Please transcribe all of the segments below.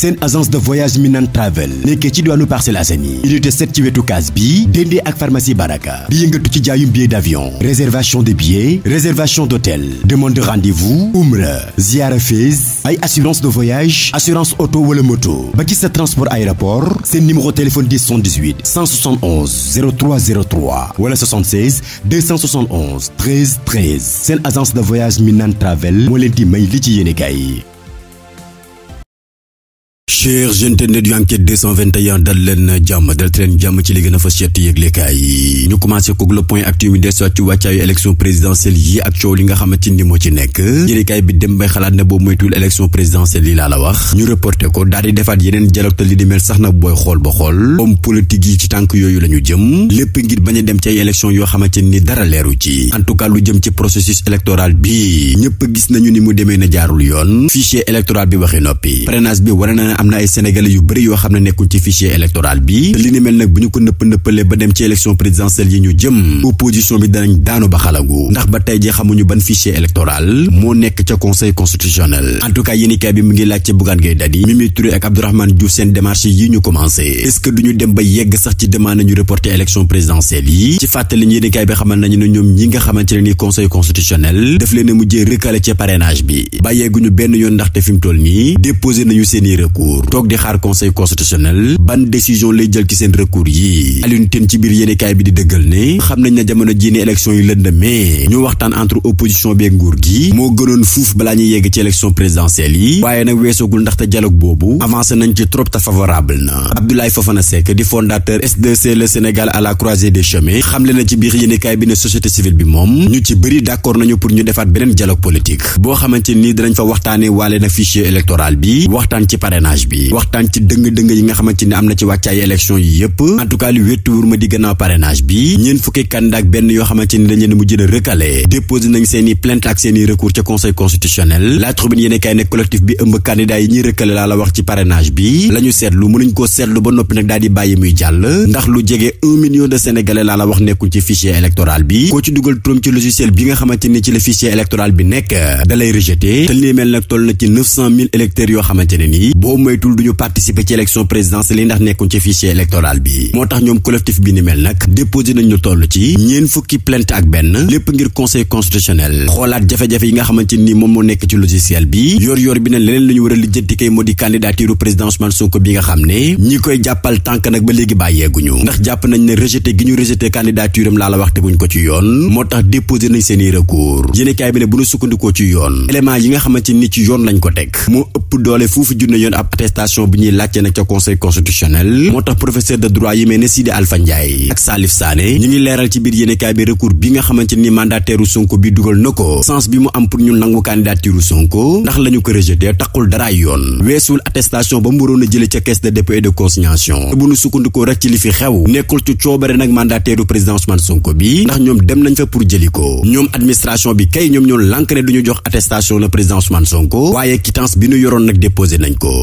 seen agence de voyage Minan Travel nekkee ci diwaanu Parcelles Assainies unité 7 ci wetu kaas bi déndee ak pharmacie Baraka bi yëngatu ci jaayum billet d'avion réservation de billets réservation d'hôtel demande de rendez-vous umra ziara Fès ay assurance de voyage assurance oto wala moto ba ci sa transport aéroport seen numéro téléphone 10 78 171 0303 wala 76 271 13 13 seen agence de voyage Minan Travel moo leen may li ci yéene kaay chers internautes yu enquête 221 dal leen jàmm dal leen jàmm ci li gën a fas yett yëglekaay yi ñu commencé ko le point actu mi des ci wàccaayu élection yi ak coow li nga xamante ni moo ci nekk yëglekaay bi dem bay xalaat ne boobu moytul élection présidentielle yi laa la wax ñu reporté ko daal di defaat yeneen dialogue te li di mel sax nag booy xool ba xool homme politique yi ci tànk yooyu la jëm lépp ngir bañ a dem ci ay élection yoo xamante ni dara leeru ci en tout cas lu jëm ci processus électoral bi ñëpp ni mu demee na jaarul yoon fichier bi waxi noppi am na ay sénégalais yu bëri yoo xam ne nekkuñ ci fichier électoral bi li mel nag bu ñu ko nëpp nëppalee ba dem ci élection présidentielle yi ñu jëm opposition bi danañ daanu ba xalangu ndax ba tey ji xamuñu ban fichier électoral moo nekk ca conseil constitutionnel en tout bi mu ngi laaj ca Bougane Gueye Dany Mimi ak Abdourahmane Diouf seen démarche yi ñu commencé est duñu dem ba yegg sax ci demande ñu reporter élection présidentielle yi ci a mujjee recalé ca recours toog di xaar conseil constitutionnel ban décision lay jël ci seen recours yi Alioune ci biir yéenekaay bi di dëggal ne xam nañ ne jamono jii ne élection yi lëndëmee ñu waxtaan entre opposition beeg nguur gi moo gënoon fuuf balaa ñuy yegg ci élection présidentielle yi waaye nag weesagul ndaxte dialogue boobu avancé nañ ci trop te favorable na Abdoulaye Fofana Seck di fondateur SDC le Sénégal à la croisée des chemins xamle na ci biir yéenekaay bi ne société bëri d'accord nañu pour ñu defaat beneen dialogue politique boo xamante ni dinañ fa waxtaanee waale na fichier électoral bi waxtaan ci parrainage waxtaan ci dëng-dëng yi nga xamante am na ci wàccaay élection yi yëpp en tout cas di gannaaw parrainage bi ñeen fukki candidat ak benn yoo xamante ni dañ leen mënuñ koo seetlu ba noppi nag daal bàyyi muy jàll ndax lu jege million de sénégalais laa la wax nekkul ci fichier électoral bi koo ci dugal turam ci logiciel bi nga xamante ci la fichier électoral bi nekk da lay rejeté te mel nag toll na ci neuf yoo xamante ne nii moytul duñu participer ci élection présidentielle yi ndax nekkuñ ci fichier électoral bi moo tax ñoom collectif bi ni mel nag déposé nañ lu toll ci ñeen fukki plainte ak benn lépp ngir conseil constitutionnel bi yor yor bi ne leneen lu war a lijjanti kay moo di candidature président Ousmane Sonko bi nga xam ne ñi koy jàppal tànk nag ba léegi bàyyeeguñu ndax jàpp nañ ne rejeté gi ñu rejeté candidature laa la wax teguñ ko ci yoon moo tax déposé nañ seeni recours yéenekaay bi ne bu ñu sukkandikoo ci yoon arrestation bi ñuy laajte nag ca conseil constitutionnel moo tax professeur de droit yi mel ne Sidi Alpha Ndiaye ak Salif Sané ñu ngi leeral ci biir yéenekaay bi recours bi nga xamante ni mandataire Sonko bi dugal na ko sens bi mu am pour ñu nangu candidature Sonko ndax la ñu ko rejeté taxul dara yoon weesul attestation ba mu waroon a jële ca caisse de dépôt et de consignation rek ci li fi xew nekkul ci coobare nag mandataire président Ousmane Sonko bi ndax ñoom dem nañ fa pour jëli ko ñoom administration bi kay ñoom ñoo lànk ne duñu jox attestation le président Ousmane Sonko waaye quittance yoroon nag déposé nañ ko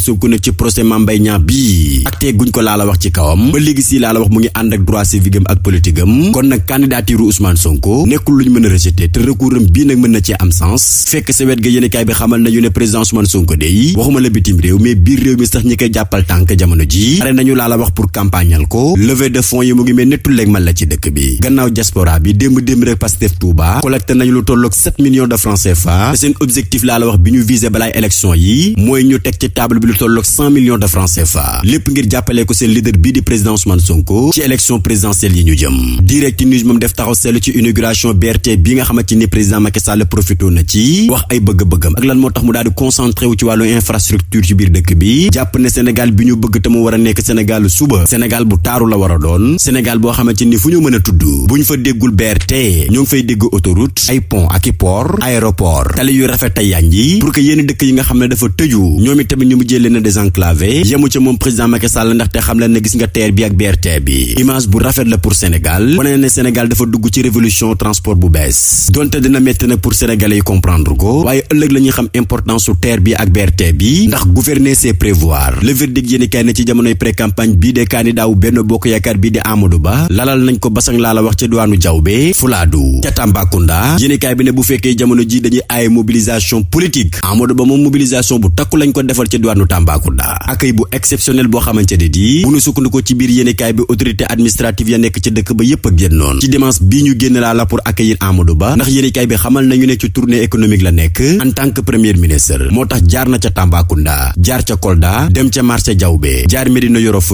Sonko nag ci procès Mame Mbaye Niang bii acte guñ ko laa la wax ci kawam ba léegi si laa la wax mu ngi ànd ak droit civique am ak politique am kon nag candidature Ousmane Sonko nekkul luñ mën a rejeté te recours am bii nag mën na cee am sens fekk sa wet ga yéenekaay bi xamal nañu ne président Ousmane Sonko day waxuma la bitim réew mais biir réew mi sax ñi koy jàppal tànk jamono ji pare nañu laa la wax pour campagnal ko levée de fonds yi mu ngi mel ne lu tolloog de francs CFA lépp ngir jàppale ko seen leader bii di président Ousmane Sonko ci élection présidentielle yi ñu jëm direct news moom def taxaw seetlu ci inauguration BRT bi nga xamante ni président Macky Sall na ci wax ay bëgg-bëggam ak lan moo tax mu daal di ci wàllu infrastructure ci biir dëkk bi jàpp ne Sénégal bi ñu bëgg te mu war a nekk Sénégal suba Sénégal bu taaru la war a doon Sénégal boo xamante ni fu ñu i port aéroport tali yu rafet ay yànji pour que yenn dëkk yi nga xam ne dafa tëju ñoom itamit leen a désenclavé yemu ca moom président Macky Sall ndaxte xam leen ne la pour Sénégal wane ne Sénégal dafa dugg ci révolution transport bu bees donte dina métti nag pour sénégalais yi comprendre ko waaye ëllëg la ñuy xam importance su TER bi ak BRT bi ndax gouverner c'est prévoir le verdict yéeni kaay na ci jamonoy pré-campagne bii de candidat wu benn bokk yaakaar bii di Amadou Ba lalal nañ ko basang laa la wax ca diwaanu Diaobé Fulaadu ca Tambacounda yéeni kaay bi ne bu fekkee jamono ji dañuy aaye mobilisation politique Amadou Ba moom mobilisation bu takku lañ ko defal ca diwaanu Tambacounda accueil bu exceptionnel boo xamante ne di bu nu sukkandikoo ci biir yéenekaay bi autorité administrative ya nekk ci dëkk ba yépp a génnoon ci dimanche bii ñu génn laa la pour accueillir Amadou Ba ndax yéenekaay bi xamal nañu ne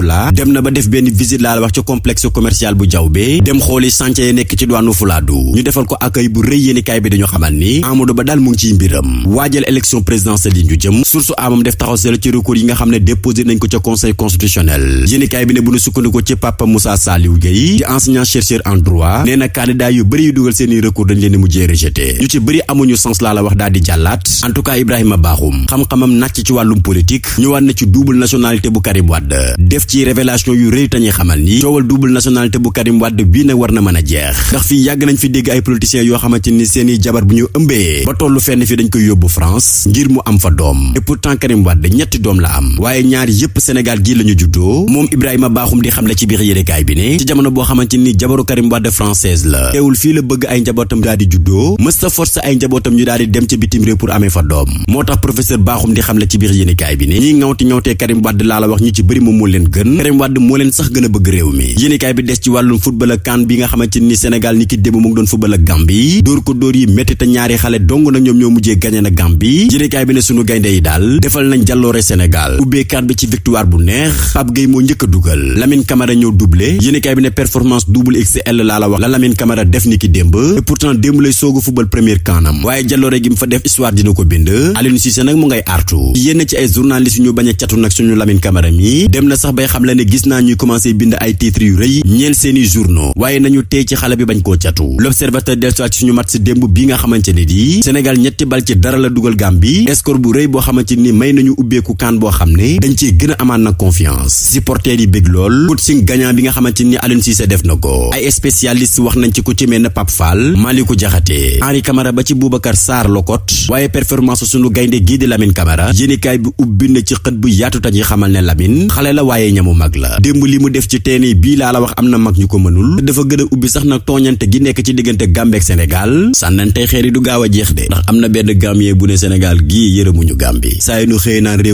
la dem na ba def benn visite laa la wax ci complexe commercial bu Diaobé dem xooli chantier ya nekk ci diwaanu Fulaadu ñu defal ko accueil bu rëy yéenekaay bi dañu xamal ni Amadou Ba daal mu ngi ciy mbiram waajal élection présidentielle yi ñu jëm source amam def taxaw seetlu ci recours yi nga xam ne déposé nañ ko ca conseil constitutionnel yéenekaay bi ne bu ñu sukkandikoo ci Papa Moussa Saliou Gueye di enseignant chercheur en droit nee na yu bëri yu dugal seeni recours dañ leen di mujjee rejeté ñu ci bëri amuñu sens laa la wax daal jàllaat en tout cas xam-xamam nàcc ci wàllum politique ñëwaat na ci double nationalité bu Karim Wade def ci révélation yu rëy tañuy xamal ni coowal double nationalité bu Karim a yoo xamante ni seeni ñetti doom la am waaye ñaar yépp Sénégal gii la ñu juddoo moom Ibrahima Bakhoum di xamle ci biir yéenekaay bi ne ci jamono boo xamante ni jabaru Karim Wade française la teewul fii la bëgg ay njabootam daal di juddoo mësta force ay njabootam ñu daal di dem ci bitim réew pour amee fa doom moo tax professeur Bakhoum di xamle ci biir yéenekaay bi ne ñiy ŋawti ŋawtee Karim Wade laa la wax ñu ci bëri moom moo leen gën Karim moo leen sax gën a bëgg réew mi yéenekaay bi des ni Sénégal ni ki ñaari xale dong na ñoom ñoo mujjee gañe na Gambie yéenekaay bi ne sunu gaynde yi daal defal nañ jàlloore Sénégal ubbeekat bi ci victoire bu neex Pape Gueye moo njëkk a dugal Lamine Camara ñëw doublé yéenekaay bi ne performance double XL laa la wax la Lamine Camara def ni ki démb et pourtant démb lay sooga football premier kanam waaye jaloore gi mu fa def histoire dina ko bind Aliou Cissé nag mu ngay artu yénn ci ay journalistes yu ñu bañ a catu nag suñu Lamine Camara mi dem na sax bay xam la ne gis naa ñuy commencé bind ay titres yu rëy ñeel seeni journaux waaye nañu tey ci xale bi bañ koo catu l'observateur dellusiwaat ci suñu match si démb nga xamante ne di Sénégal ñetti bal ci dara la dugal Gambie score bu rëy boo xamante ni may nañu ubbeeku kaan boo xam ne dañ cee gën a amaan na confiance supporters yi bég lool coaching gagnant bi nga xamante ni Aliou Cissé def na ko ay spécialiste wax nañ ci ko ci mel ne Pape Fall Malick Diakhaté Henri Camara ba ci Boubacar Sarr Locotte waaye performance sunu gaynde gii di Lamine Camara yéenekaay bi ubbi na ci xët bu yaatu tañuy xamal ne lamin xale la waaye ñamu mag la démb li mu def ci teene bii laa la wax am na mag ñu ko mënul dafa gën a ubbi sax nag tooñante gi nekk ci diggante Gambie ak Sénégal sànnantey xeer yi du gaaw a jeex de ndax am na benn Gambien bu ne Sénégal gii yërëmuñu Gambie saa yu nu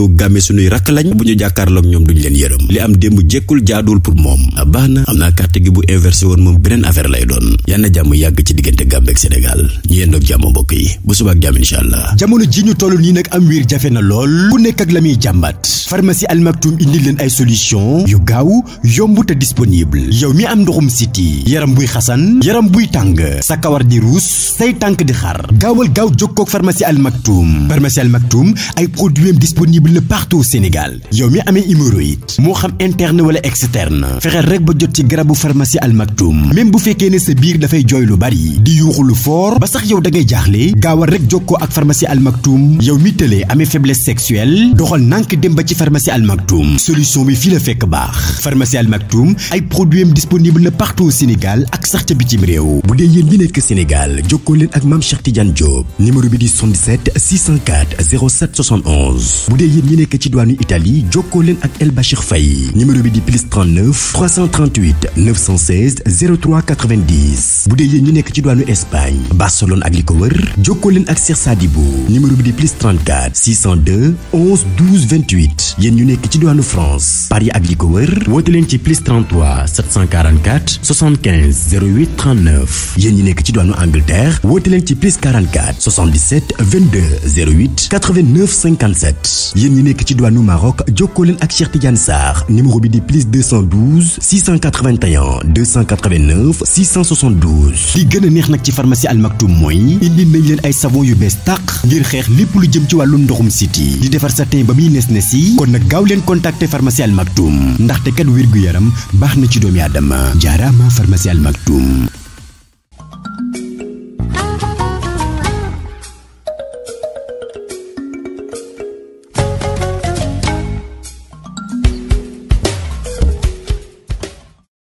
réew Gàmbi suñuy rakk lañ bu ñu jàkkaarloog ñoom duñ leen yërëm li am démb jékkul jaaduwul pour moom baax na am naa carte gi bu inversé woon moom beneen affaire lay doon yal na jàmm yàgg ci diggante Gàmbi ak Sénégal ñu yendoog jàmm mbokk yi bu subaak jàmm incha allah jamono ji ñu toll nii nag am wiir jafe na lool ku nekk ak la jàmbat pharmacie Al indi leen ay solution yu gaaw yomb te disponible yow mi am ndoxum siti yaram buy xasan yaram buy tàng di ruus say tànk di xar gaawal gaaw jokkoog pharmacie Al Maktoum pharmacie Al Maktoum ay produits disponible disponible partout au Sénégal yow mi amee hémorroïde moo xam interne wala externe fexeel rek ba jot ci garabu pharmacie Al Maktoum même bu fekkee ne sa biir dafay jooy lu bari di yuuxu lu fort ba sax yow da ngay jaaxle gaawal rek jokkoo ak pharmacie Al Maktoum yow mi tëlee amee faiblesse sexuelle doxal nànk dem ba ci pharmacie Al Maktoum solution bi fii la fekk baax pharmacie Al Maktoum ay produits disponible na partout au Sénégal ak sax ca bitim réew bu dee yéen ñi nekk Sénégal jokkoo leen ak Mame Cheikh Tidiane Diop numéro bi di 77 604 07 71 bu dee yéen ñi nekk ci diwaanu Italie jokkoo leen ak El Bachir Faye numéro bi di plus 39 338 916 03 90 bu dee yéen ñu nekk ci diwaanu Espagne Barcelone ak li ko wër jokkoo leen ak Cheikh Sadibou numéro bi di plus 34 602 11 12 28 ñu nekk ci diwaanu France Paris ak li ko wër woote leen ci plus 33 744 75 08 39 yéen ñi nekk ci diwaanu Angleterre woote leen ci plus 44 77 22 08 89 57 yéen nekk ci diwaanu Maroc jokkoo leen ak Cheikh Tidiane Sarr numéro bi di plus 212 681 289 672 li gën a neex nag ci pharmacie Al mooy indi nañ leen ay savon yu bees tàq ngir xeex lépp lu jëm ci wàllum ndoxum siti di defar sa teen ba muy nes nes yi kon nag gaaw leen contacter pharmacie Al Maktoum ndaxte kat wér gu yaram baax na ci doomi aadama jaaraama pharmacie Al Maktoum